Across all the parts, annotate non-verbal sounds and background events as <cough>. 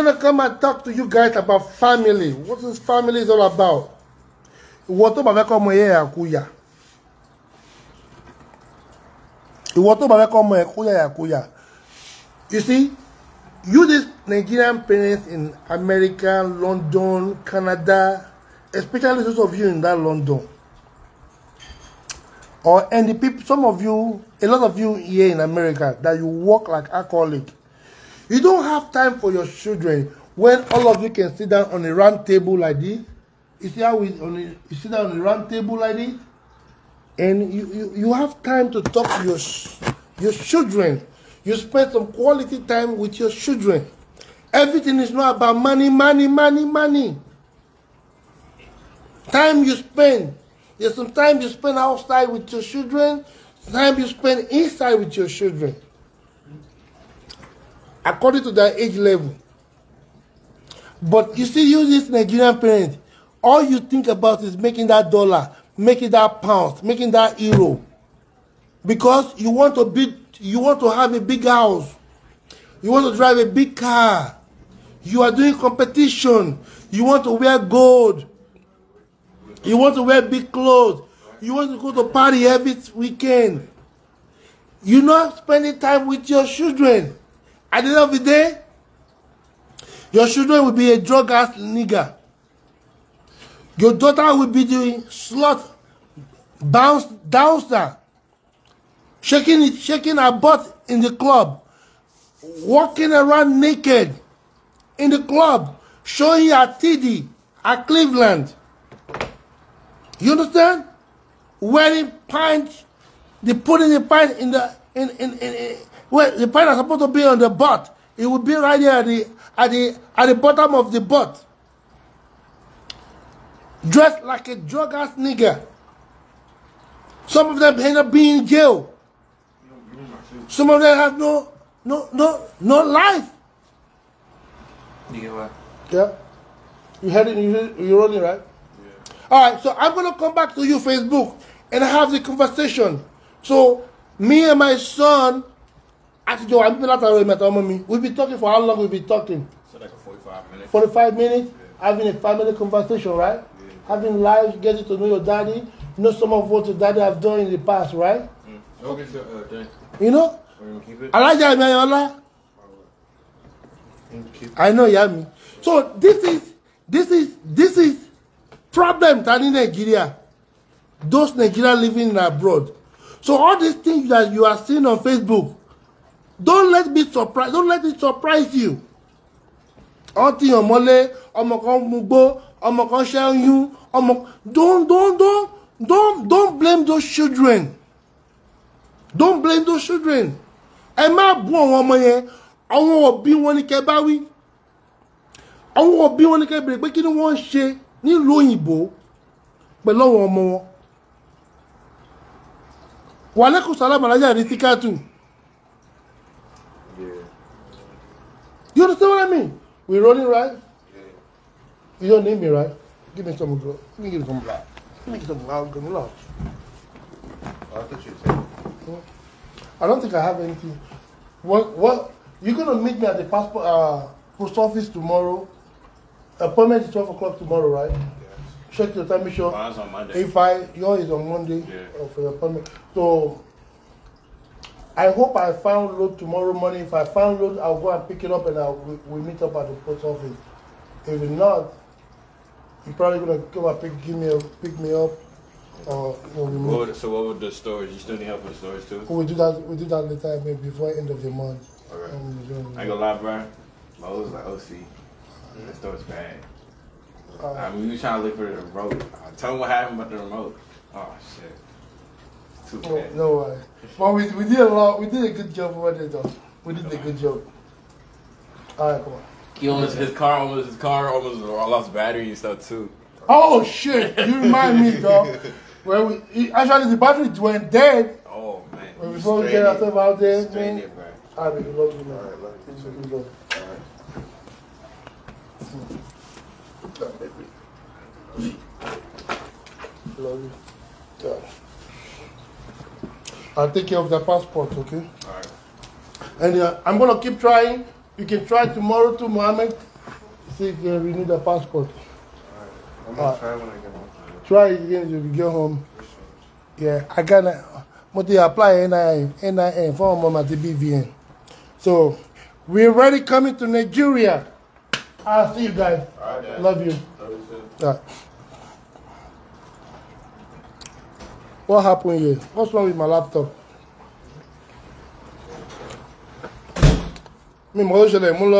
I'm gonna come and talk to you guys about family. What is family is all about? Ìwọ tó bá fẹ́ kọ́ ọmọ ẹ̀ àkúyà. Ìwọ tó bá fẹ́ You see, you these Nigerian parents in America, London, Canada, especially those of you in that London, or and the people, some of you, a lot of you here in America that you work like alcoholic. You don't have time for your children when all of you can sit down on a round table like this. You see how we on a, you sit down on a round table like this, and you, you, you have time to talk to your your children. You spend some quality time with your children. Everything is not about money, money, money, money. Time you spend. There's some time you spend outside with your children, time you spend inside with your children according to their age level. But you see, you this Nigerian parent, all you think about is making that dollar, making that pound, making that euro. Because you want to be, you want to have a big house. You want to drive a big car. You are doing competition. You want to wear gold. You want to wear big clothes. You want to go to party every weekend. You're not spending time with your children. At the end of the day, your children will be a drug ass nigger. Your daughter will be doing slut, bounce, downster, shaking it, shaking her butt in the club, walking around naked in the club, showing her titty at Cleveland. You understand? Wearing pants, they putting the pants in the in in in Well, the pen is supposed to be on the butt. It would be right here at the at the at the bottom of the butt. Dressed like a drug ass nigga. Some of them end up being in jail. Some of them have no no no no life. You yeah. You heard it, you, you're only right? Yeah. All right, so I'm going to come back to you, Facebook, and have the conversation. So, me and my son àtijọ́ wa bíbí látara ìmẹ̀ta ọmọ mi we be talking for how long we be talking. so like forty five minutes. having a family conversation right having life getting to know your daddy know some of what your daddy have done in the past right. Mm. okay so thank you. you know alájà mi ayọ̀lá i know ìyá mi so this is this is this is problem ta ní Nigeria those Nigerians living abroad so all these things that you are seeing on Facebook don't let me surprise don't let me surprise you ọtí ọmọlé ọmọ kan mugbó ọmọ kan ṣẹ́yún ọmọ don't don't don't don't don't blame those children don't blame those children ẹ má bú àwọn ọmọ yẹn àwọn òbí wọn ni kẹ́ bá wí àwọn òbí wọn ni kẹ́ béèrè pé kí ni wọ́n ń ṣe nílùú òyìnbó pẹ̀lú àwọn ọmọ wọn wàlẹ́kùn sálámà ní tíkàtù. me. We rolling, right? Yeah. You don't need me, right? Give me some blood. Give me some black. Let me some blood. Give me blood. I don't think I have anything. What? What? You're gonna meet me at the passport uh, post office tomorrow. Appointment is twelve o'clock tomorrow, right? Yes. Check your time, make sure. Mine's on Monday. If I yours is on Monday yeah. uh, for your appointment. So I hope I found load tomorrow morning. If I found load, I'll go and pick it up and I'll, we, we'll meet up at the post office. If not, you're probably going to come and pick, give me a, pick me up. what would, so what would the storage? You still need help with storage too? We do that. We do that later, maybe before end of the month. All right. Um, I got a lot, lie, bro. My was like OC. mm The store's bad. Uh, I mean, we were trying to look for the remote. Uh, tell them what happened about the remote. Oh shit too. Oh, no way. But we, we did a lot. We did a good job what they though. We did a good job. All right, come on. He almost his car almost his car almost lost battery and stuff too. Oh shit! You remind me, <laughs> dog. Well, we, he, actually the battery went dead. Oh man. When we to get ourselves out there, Straight man. It, All right, love you, man. All right, love you. Love All right. Love you. Love I'll take care of the passport, okay? All right. And uh, I'm going to keep trying. You can try tomorrow too, Mohammed. See if you can renew the passport. All right. I'm going to uh, try when I get home. Try again when you get home. Yeah, I got to apply NIN, NIN, form of my BVN. So, we're already coming to Nigeria. I'll see you guys. Love you. Love you What happened here? What's wrong with my laptop? Mi mọ̀ ó ṣẹlẹ̀,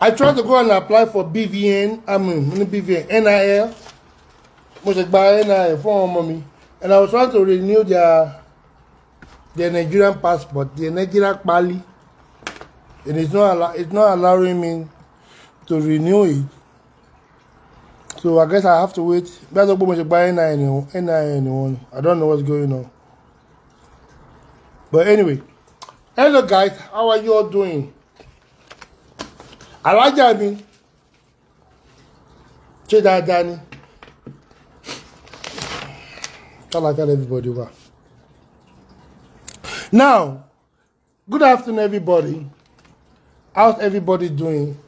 I tried to go and apply for BVN, I mean, BVN, NIL. NIL fún ọmọ And I was trying to renew their their Nigerian passport, the Nigerian Bali, And it's not, it's not allowing me to renew it. So I guess I have to wait. That's not we should buy n anyone. N9 I don't know what's going on. But anyway, hello guys, how are you all doing? I like Alájà mi ṣé dáadáa ni kálàkálà everybody wa. Now, good afternoon everybody. How's everybody doing?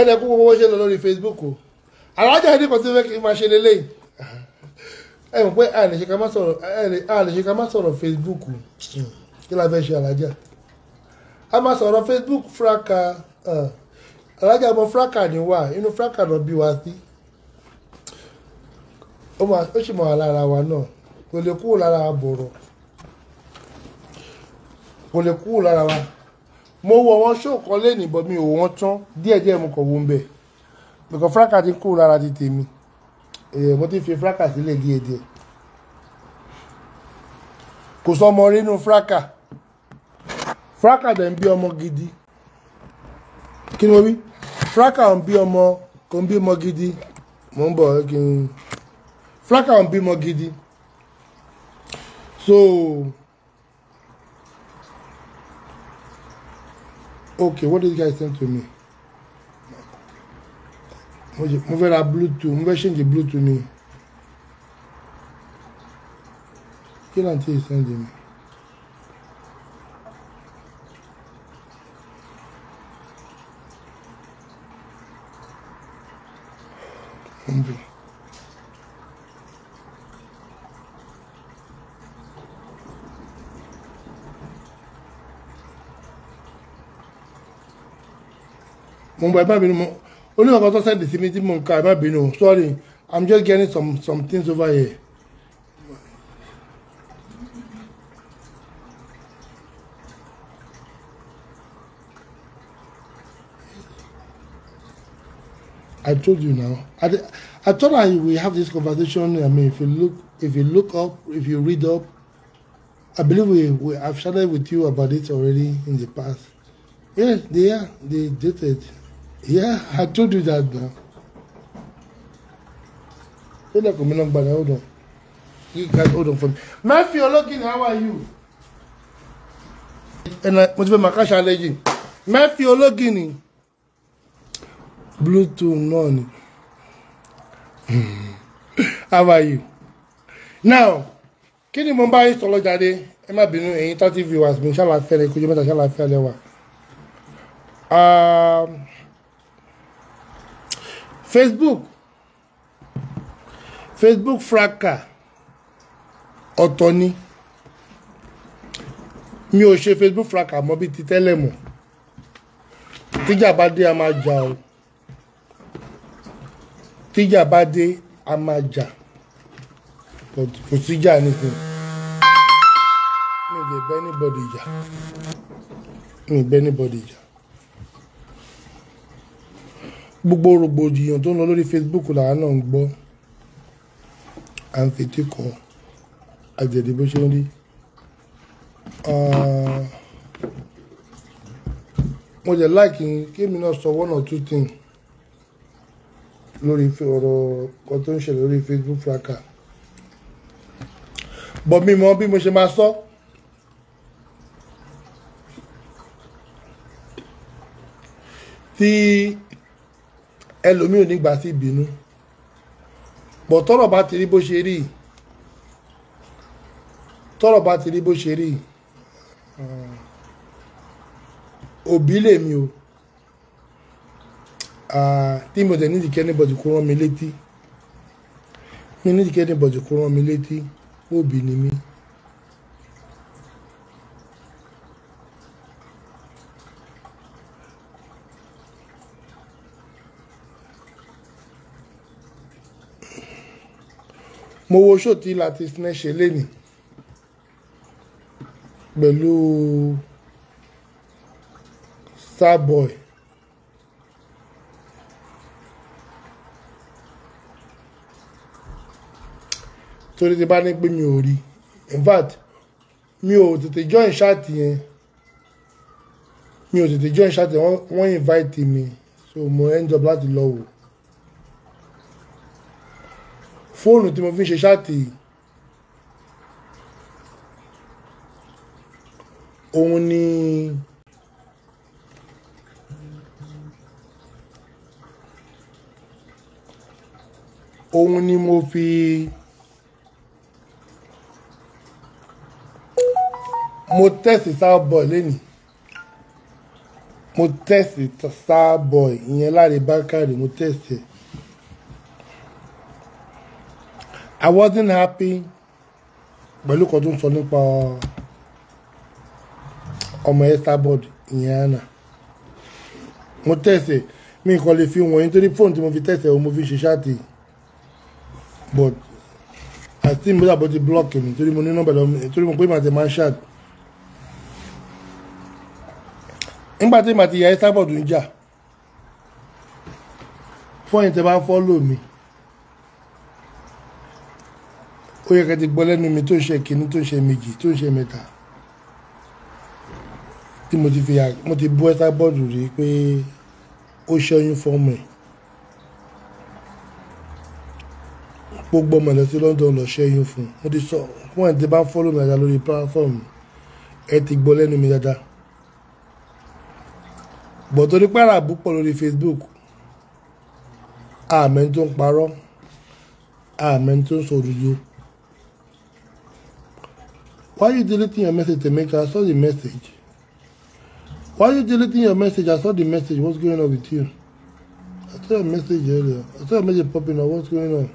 ẹnì ẹkú gbogbo ṣe lọ lórí Facebook o alájà ẹni kan tí fẹ́ kí n máa ṣe lélẹ́yìn ẹ mọ̀ pé a lè ṣe ká má sọ̀rọ̀ a lè ṣe ká má sọ̀rọ̀ Facebook kí la fẹ́ ṣe alájà a máa sọ̀rọ̀ Facebook fúraka alájà ọmọ fúraka ni wà inú fúraka náà bí wa sí ó sì mọ̀ wá lára wa náà kò lè kúrò lára wa bọ̀rọ̀ kò lè kúrò lára wa mo wọ wọn ṣó kan lẹ́nìí mi ò wọ́n tán díẹ̀díẹ̀ mo kàn wọ́n bẹ̀ because fraka ti kúrò lára ti tèmi èèyàn eh, mo ti fi fraka sílẹ̀ díẹ̀díẹ̀ kò sọmọ rí inú fraka fraka dẹ̀ ń bí ọmọ gidi kí ni mo wí fraka ń bí ọmọ kò ń bí ọmọ gidi mo ń bọ̀ kí n fraka ń bí ọmọ gidi so. okay what did you guys send to me mo fẹ́ ra bluetooth that fẹ́ the bluetooth mi kí náà tí ì sẹ́ǹdì mi. Thank you. mo ń bọ̀ ẹ má bínú mo onímọ̀ kan tó sẹ́ndì sí mi tí mo ń ka ẹ má sorry i'm just getting some some things over here. I told you now. I, I thought I we have this conversation. I mean, if you look, if you look up, if you read up, I believe we, we I've shared with you about it already in the past. Yes, they are. They dated. Yeah, I told you that now. Hold on for me, banana. Hold on. You guys hold on for me. Matthew Ologin, how are you? And I must be make a challenge. Matthew Ologin ni. Bluetooth náà hmm. How are you? Now, kí ni mo bá yín sọ̀rọ̀ being Ẹ má bínú ẹ̀yin thirty viewers mi could láfẹ́ lẹ́kọ́jọ́ mẹ́ta ṣáà láfẹ́ lẹ́wà. Um, Facebook Facebook fraka ọ̀tọ̀ ni mi ò ṣe Facebook fraka mọ́ bíi ti tẹ́lẹ̀ mọ́ tíjà bá dé a máa jà o tíjà bá dé a máa jà kò síjà nìkan mi ò lè bẹ́ anybody jà mi ò bẹ́ anybody jà gbogbo rògbòdìyàn tó ń lọ lórí Facebook làwọn náà ń gbọ́ à ń fetí kọ àjẹ̀dí bó ṣe ń rí mo jẹ́ láìkí kémi náà sọ one or two things lórí ọ̀rọ̀ kan tó ń ṣẹlẹ̀ lórí Facebook fraka bọ̀ mi mọ bí mo ṣe máa sọ. tí ẹlòmíì ò ní gbà sí ìbínú bọ̀ tọ́rọ̀ bá ti rí bó ṣe rí tọ́rọ̀ bá ti rí bó ṣe rí òbí lèmi o tí mo tẹ̀ ní ìdíkẹ́ ní bọ̀dì kó rán mi létí mo ní ìdíkẹ́ ní bọ̀dì kó rán mi létí òbí ni mí. mo wo ṣó tí Lateef ṣe lénìí pẹ̀lú Starboy torí ti bá ní pé mi ò rí in mi ò tètè join chat yẹn mi ò tètè join chat yẹn wọ́n invite mi so mo end up láti lọ wò fóònù tí mo fi ń ṣe ṣáàtì òun ni òun ni mo fi mo tẹ̀sí Starboy lẹ́nìí mo tẹ̀sí Starboy ìyẹn Láre Bákàrè mo tẹ̀sí ẹ̀ I wasn't happy pẹ̀lú kan tó ń sọ nípa ọmọ Esabod ìyẹn àná mo tẹ̀sẹ̀ mi kàn lè fi wọ̀nyí torí fóònù tí mo fi tẹ̀sẹ̀ o mo fi ṣe ṣáàtì but àti mi dàbọ̀ ti block mi torí mo ní nọ́mbà lọ́mọ torí mo pé màá ti máa ń ṣáàtì nígbà tí màá ti ya Esabod ń jà fóònù tẹ bá fọ́ lò mí. ó yẹ ká ti gbọ́ lẹ́nu mi tó ń ṣe kìíní tó ń ṣe méjì tó ń ṣe mẹ́ta tí mo ti fi mo ti bú ẹ́tà bọ́ọ̀dù rí pé ó ṣẹ́yún fọ́ọ̀mù ẹ̀ gbogbo ọmọ ìlọsí London lọ ṣẹ́yún fún un mo ti sọ fún ẹ̀ tí bá fọ́lọ́ mi dáadáa lórí platform ẹ ti gbọ́ lẹ́nu mi dáadáa bọ̀ torí pàrà púpọ̀ lórí Facebook àmẹ́ tó ń parọ́ àmẹ́ tó ń sọ òdodo. Why are you deleting your message, Emeka? I saw the message. Why are you deleting your message? I saw the message. What's going on with you? I saw a message earlier. I saw a message popping up. What's going on?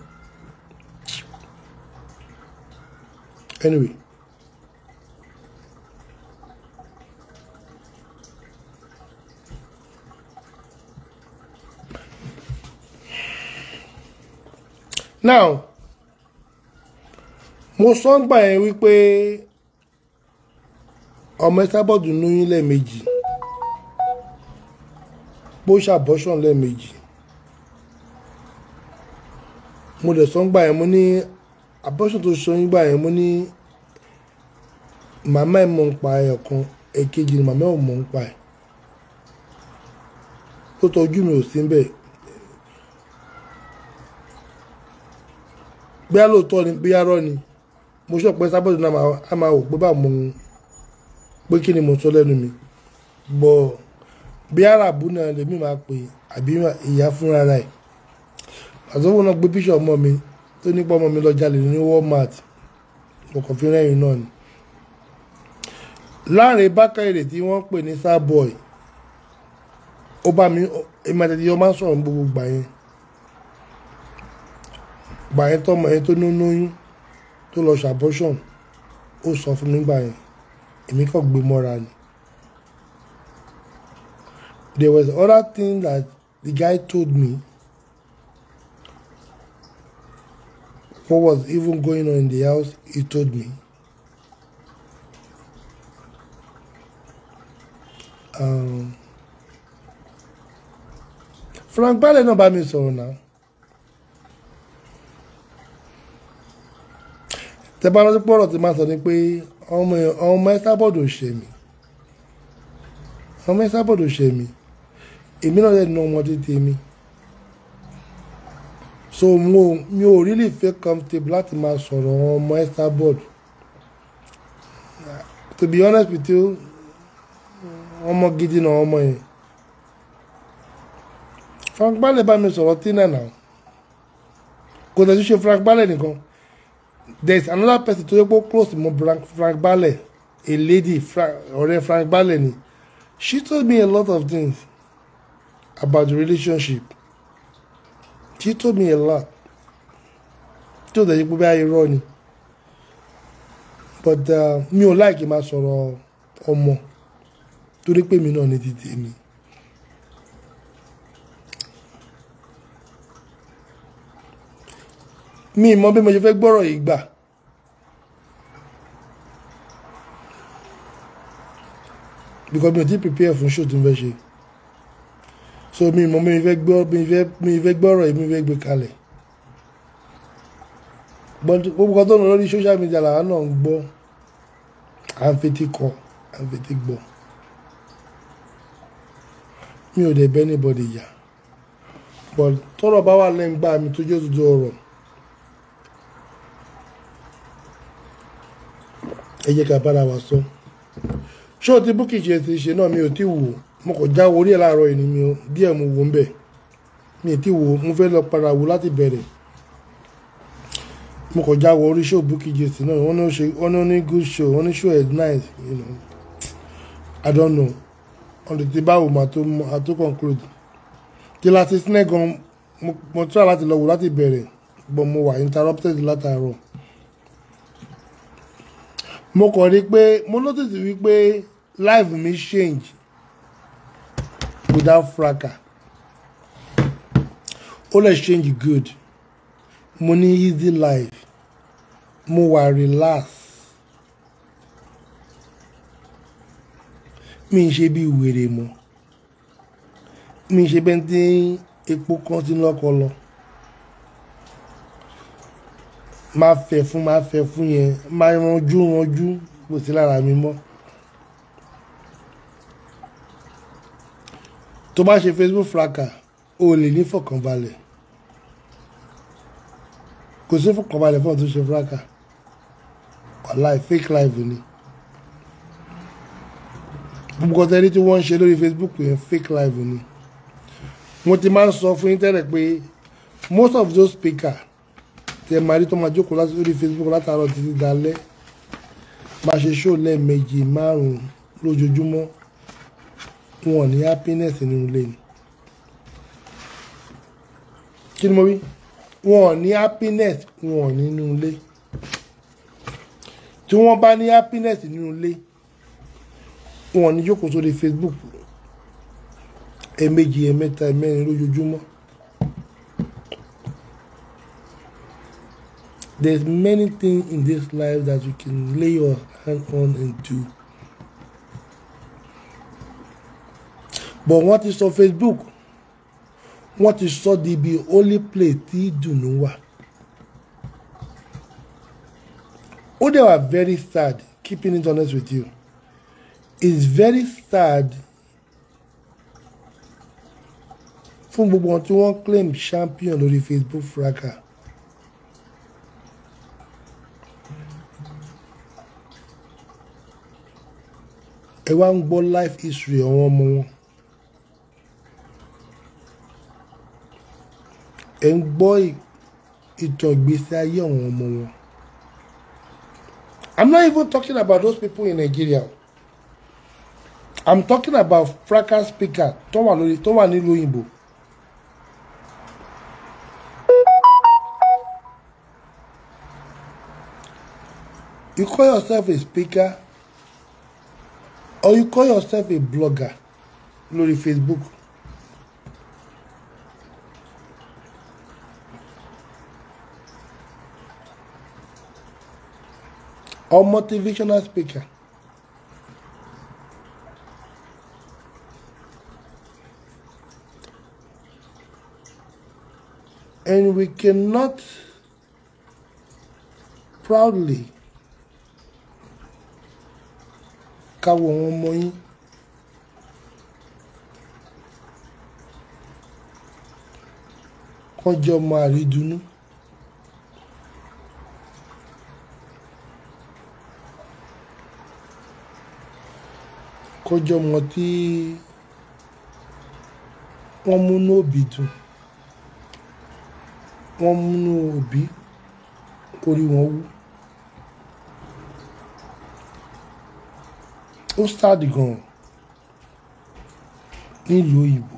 Anyway. Now, mo sọ ń gbà yẹn wípé ọmọ Ẹsítábọ́ọ̀dù lóyún lẹ́ẹ̀mejì pó ṣàbọ́ṣàn lẹ́ẹ̀mejì mo dẹ̀ sọ ń gbà yẹn mo ní abọ́ṣàn tó ṣe ń gbà yẹn mo ní màmá ẹ̀ mọ̀ ń pa ẹ̀ kan èkejì ni màmá ẹ̀ mọ̀ ń pa ẹ̀ tó tọ́jú mi ò sí ń bẹ̀ bí a ni bí ni mo ṣọ̀pẹ́ Ẹsítábọ́ọ̀dù náà a máa wò pé báwo mo ń pé kí ni mo sọ lẹ́nu mi bọ̀ bí arábù náà lèmi máa pè àbí ìyá fúnra rẹ̀ àtọ́wò náà gbé bíṣọ̀ ọmọ mi tó nípa ọmọ mi lọ jalè ní Walmart ọkàn fi rẹ́yìn náà ni. Láre Bákàrè tí wọ́n pè ní Starboy ó bá mi èmi àti ẹ̀yọ́ máa ń gbogbo gbà yẹn gbà yẹn tọmọ yẹn tó ní lóyún tó lọ ṣàbọ̀ṣọ̀n ó sọ fún mi gbà yẹn èmi kàn gbé mọ́ra ni there was other thing that the guy told me what was even going on in the house he told me um, Frank balẹ̀ náà bá mi sọ̀rọ̀ náà. tẹ bá rántí pọ̀rọ̀ tí máa sọ ni pé ọmọ ọmọ Esabod ò ṣe mí ọmọ Esabod ò ṣe mí èmi náà lẹ́nu ọmọdé tèmi so mo mi ò really feel comfortable láti máa sọ̀rọ̀ àwọn ọmọ Esabod to be honest with you ọmọ gidi náà ọmọ yẹn Frank Balẹ̀ bá mi sọ̀rọ̀ tí náà náà kò tẹ̀sí Frank Balẹ̀ nìkan there's another person to yẹ close mọ́ Frank, Frank Balẹ̀ a lady ọ̀rẹ́ Frank Balẹ̀ she told me a lot of things about the relationship she told me a lot tí ó dẹ̀ yẹ pé bá irọ́ ni but uh, mi ò láìkí máa sọ̀rọ̀ ọmọ torí pé mi náà ní it tèmi. mi mọ bí mo ṣe fẹ́ gbọ́rọ̀ yìí because mi ò ti prepare fún show tí mo fẹ́ ṣe so mi mọ mi fẹ́ gbọ́ mi fẹ́ mi fẹ́ gbọ́rọ̀ yìí mi fẹ́ gbé kalẹ̀ gbogbo tó ń lọ lórí social media làwọn náà ń gbọ́ à ń fetí kọ à ń fetí gbọ́ mi ò dẹ̀ bẹ́ anybody jà but tọ́rọ̀ bá wà lẹ́ngbà mi tó jẹ́ òdodo ọ̀rọ̀. ẹ jẹ́ ká bára wa sọ ṣé o ti búkì ṣe ti ṣe náà mi ò tí wò mo kò já orí ẹ̀ láàárọ̀ ẹni mi díẹ̀ mo wò ń bẹ̀ mi ò tí wò mo fẹ́ lọ padà wò láti bẹ̀rẹ̀ mo kò já wọ orí ṣó búkì ṣe ti náà wọ́n ní ṣe wọ́n ní good show wọ́n ní show is nice you know i don't know ọ̀n tètè báwo mà tó mà tó conclude tí láti sinẹ́ gan mo try láti lọ wò láti bẹ̀rẹ̀ but mo wà interrupted látàárọ̀ mo kàn rí pé mo notice wípé life mi change without fraka All lè change good mo ní easy life mo wà relax mi ń ṣe bí wèrè mọ́ mi ń ṣe bẹ́ẹ̀ epo kan ti ń lọ. máa fẹ́ fún máa fẹ́ fún yẹn máa ranjú ranjú kò sí lára mi mọ́. tó bá ṣe facebook fraka o lè ní fọkànbalẹ̀ kò sí fọkànbalẹ̀ fún ọ̀tún ṣe fraka online fake live ni gbogbo ọ̀tẹ́ ní tí wọ́n ń ṣe lórí facebook yẹn fake live ni mo ti máa ń sọ fún yín tẹ́lẹ̀ pé most of those speakers tẹ máa rí tó máa jókòó láti lórí Facebook látàárọ̀ títí dalẹ́ máa ṣe ṣó lẹ́ẹ̀mejì márùn-ún lójoojúmọ́ wọn ní happiness nínú ilé ni kí ni mo wí wọn ní happiness wọn nínú ilé tí wọ́n bá ní happiness nínú ilé wọn ní jókòó sórí Facebook ẹ̀ẹ̀mejì ẹ̀ẹ̀mẹ́ta ẹ̀ẹ̀mẹ́rin lójoojúmọ́. There's many things in this life that you can lay your hand on and do. But what is on Facebook, What is sọ the ibi only place do ìdùnnú what? Oh, they are very sad keeping it honest with you. It's very sad fún gbogbo wọn tí wọ́n claim champion lórí Facebook fracas. wá ń gbọ́ life history àwọn ọmọ wọn ẹ̀ ń gbọ́ ìtàn ìgbésí ayé àwọn ọmọ wọn. I'm not even talking about those people in Nigeria. I'm talking about fracas speaker tó wà lórí tó wà nílùú òyìnbó. You call yourself a speaker or you call yourself a blogger lórí Facebook or motivational speaker. And we cannot proudly káwọ́ àwọn ọmọ yín. kán jẹ́ ọmọ àrídùnnú. kọjọ mọ tí wọ́n múnú òbí dùn wọ́n múnú òbí orí wọn wú. ó sáàdì gan nílùú òyìnbó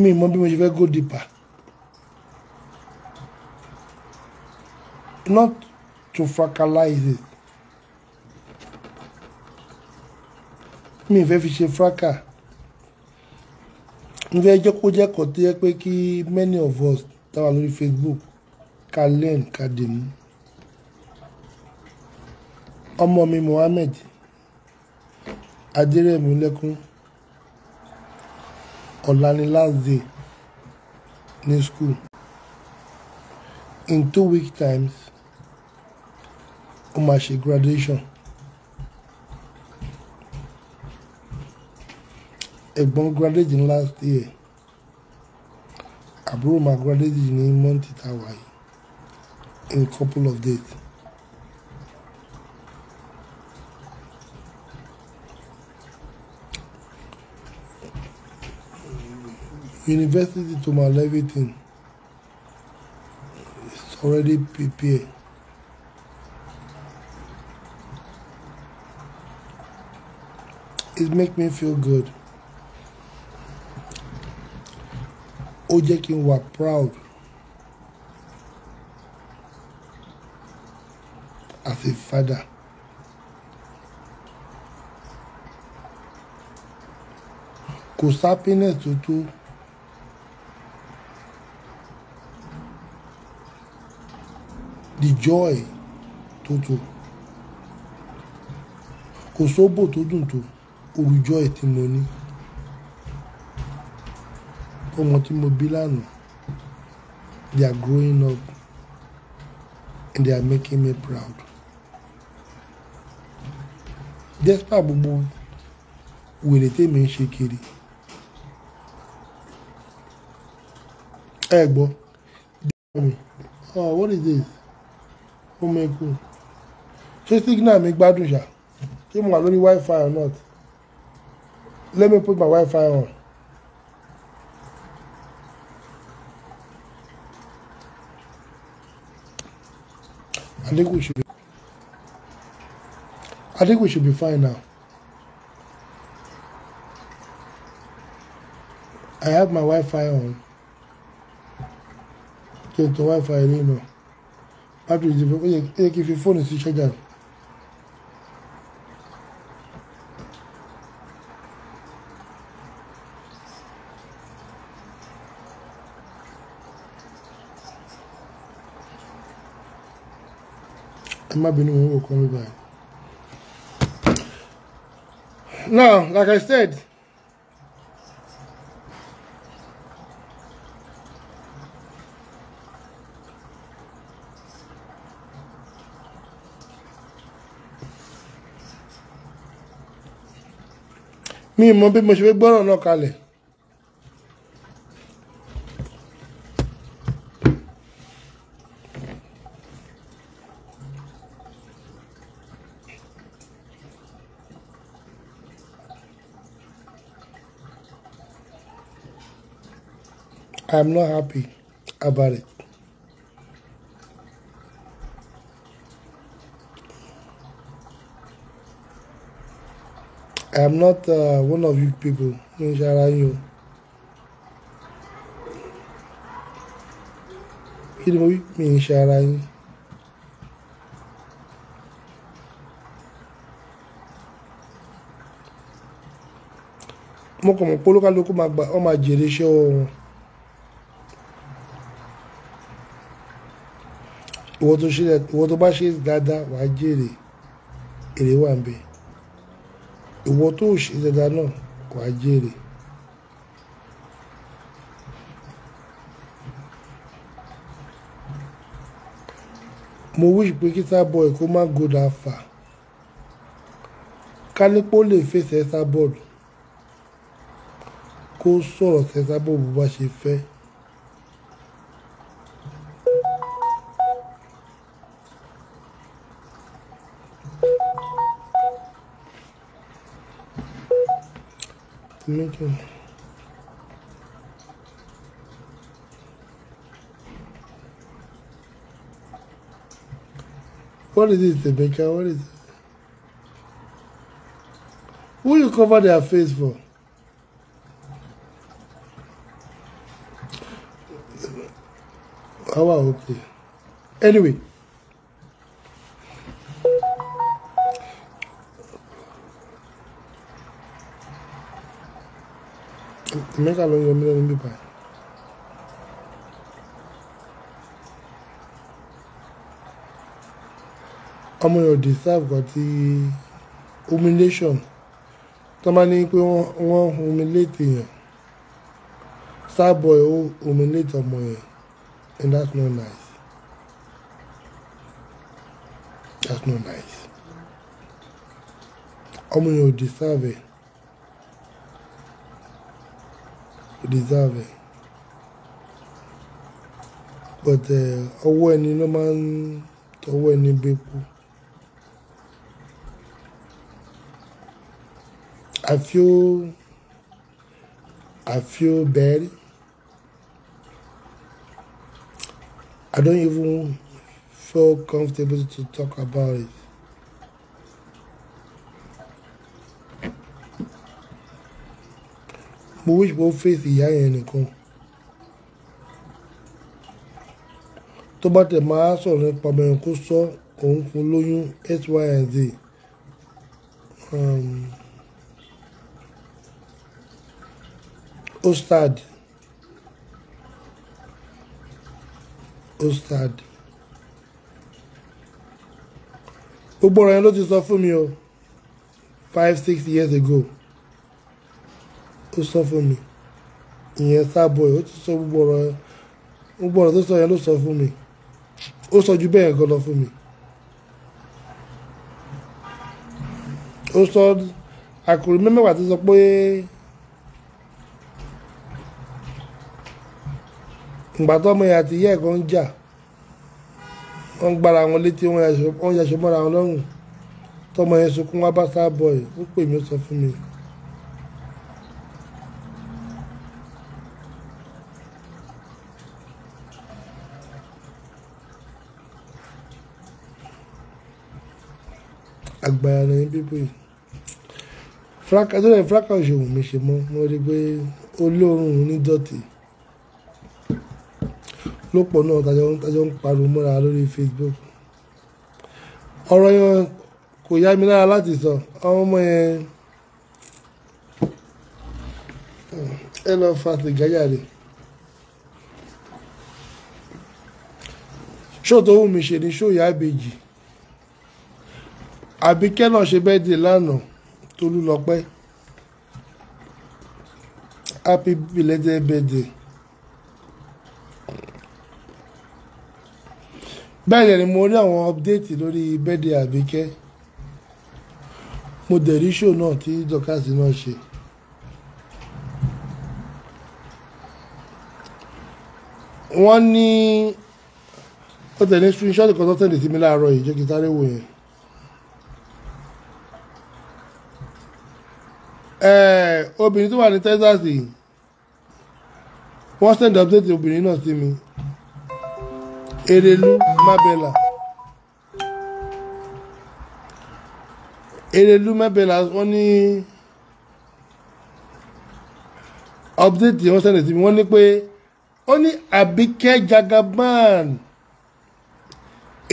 mi mọ bí mo ṣe fẹ́ go deeper not to fracalize it mi fẹ́ fi ṣe fraka mo fẹ́ jẹ́ kó jẹ́ kọ́ tó yẹ pé kí many of us tá wà lórí Facebook ká learn ká dè mú ọmọ mi Mohammed adérẹ̀mílẹ́kún ọ̀la ni last day ní school in two week times ó máa ṣe graduation ẹ̀gbọ́n graduate ní last year àbúrò máa graduate ní month tá a in couple of days. University to my everything It's already PPA. It make me feel good. Ó jẹ́ kí proud as a father. Kò sí happiness tó tó. the joy tó tó kò sóbò tó dùn tó olùjọ́ ẹ̀ tí mo ní ọmọ tí mo bí lánàá they are growing up and they are making me proud despite gbogbo wèrè tèmi ń ṣe kiri ẹ gbọ́. Oh, what is this? oh my god ṣé signal mi gbádùn ṣá ṣé mo wà lórí wifi or not let me put my wifi on. I think we should be I think we should be fine now. I have my Wi-Fi on. Get the Wi-Fi, you know battery ti ó yẹ kí n fi fóònù sí ṣẹ́jà rẹ̀. ẹ má bínú wọn wò kọ́ mi Now, like I said. mi mọ bí mo ṣe fẹ́ gbọ́rọ̀ náà kalẹ̀. I'm not happy about it. I am not uh, one of you people ní ìṣara yín o kí ni mo wí mi ń ṣara yín. mo kàn mọ̀ pé olúkálukú máa gbà ọ́ máa ìwọ tó bá ṣe dáadáa wàá jèrè èrè wà ń bẹ̀ ìwọ tó ṣe dáadáa náà wà á jèrè. mo wíṣ pé kí Starboy kó má go that far ká ní pé ó lè fèsì Starboy kó sọ̀rọ̀ sí Starboy bó bá ṣe fẹ́. Thank you. What is this, Rebecca? What is it? Who you cover their face for? How are okay? Anyway. mẹ́ta ló ń yọ mí lẹ́nu bíbá yìí. ọmọ yóò deserve gan ti humiliation tó máa ní pé wọ́n humiliate èèyàn Starboy ó humiliate ọmọ yẹn and that's not nice that's not nice ọmọ yóò deserve it. reserve ẹ̀ but eh, ọwọ́ ẹni ló máa ń tọwọ́ ẹni bẹ́pọ̀ I feel I feel bad I don't even feel comfortable to talk about it. mo wish bó fèsì ìyá yẹn nìkan tó bá tẹ̀ máa sọ̀rọ̀ nípa obìnrin kó sọ òun fún lóyún xyz um, ostad ostad gbogbo ọ̀rọ̀ yẹn ló ti sọ fún mi o five six years ago tó sọ fún mi ìyẹn Starboy ó ti sọ gbogbo ọ̀rọ̀ gbogbo ọ̀rọ̀ tó sọ yẹn ló sọ fún mi ó sọ ju bẹ́ẹ̀ gan lọ fún mi ó sọ àkùrù mẹ́mẹ́wàá tó sọ pé ìgbà tó ọmọ yẹn àti ìyá ẹ̀ kan ń jà wọ́n gbára wọn létí wọ́n yaṣọ mọ́ra wọn lọ́rùn tọmọ yẹn sunkún wá bá Starboy ó pè mí ó sọ fún mi. people yìí fraka tó lẹ fraka ò ṣe wù mí ṣe mọ mo rí i pé olóòórùn ní dọ̀tí ló pọ̀ náà tájọ́ ń pariwo mọ́ra lórí Facebook ọ̀rọ̀ yẹn kò yá mi lára láti sọ àwọn ọmọ yẹn ẹ lọ fa sìgáyà rè ṣó tó wù mí ṣe ni ṣó ìyá ìbejì àbíkẹ́ náà ṣe bẹ́ẹ̀ dé lánàá tolú lọ́pẹ́ happy belated birthday. bẹ́ẹ̀ ni mo rí àwọn ọ́pdéètì lórí bẹ́ẹ̀dẹ̀ àbíkẹ́ mo dẹ̀ rí ṣó náà tí dọ́kàsì náà ṣe. wọ́n ní ó tẹ̀lé screenshot kan tó tẹ̀lé sí mi láàárọ̀ yìí jẹ́ kí sáré wò yẹn. obìnrin tó wà ní Texas wọ́n send update obìnrin náà sí mi Erelu Mabela Erelu Mabela wọ́n ní update wọ́n send sí mi wọ́n ní pé ó ní Abike Jagaban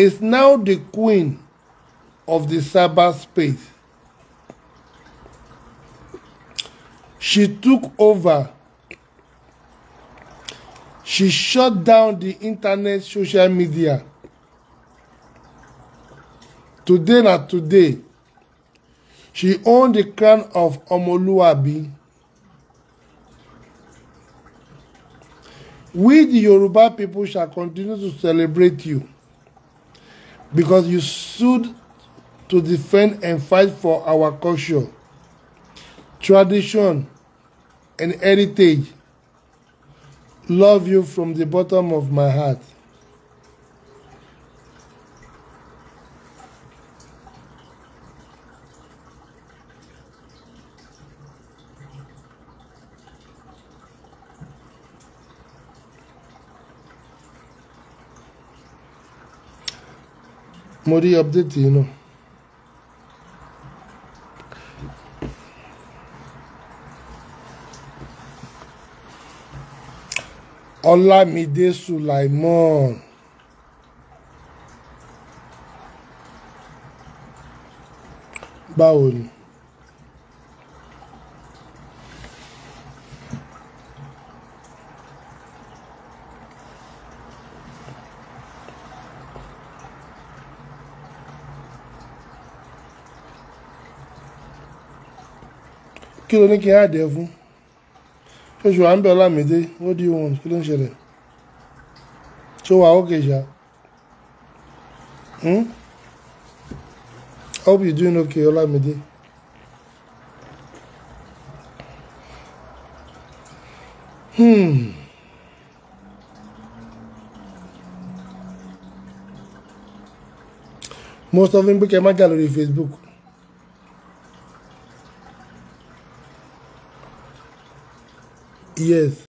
is now the queen of the cyber space. She took over. She shut down the internet social media. Today na today. She owned the crown of Omoluabi. We the Yoruba people shall continue to celebrate you because you stood to defend and fight for our culture, tradition, and heritage. Love you from the bottom of my heart. Mori update, you know. Ọlámidé Sulaimon báwo ni. kí ló ní kí n á dẹ fún oṣù à ń bẹ Ọlámídé what do you want kí ló ń ṣẹlẹ̀ ṣó wa ókè ṣá hmm? hope you doing okay Ọlámídé. Hmm. most of them pé kẹ́ má jà lórí Facebook Yes.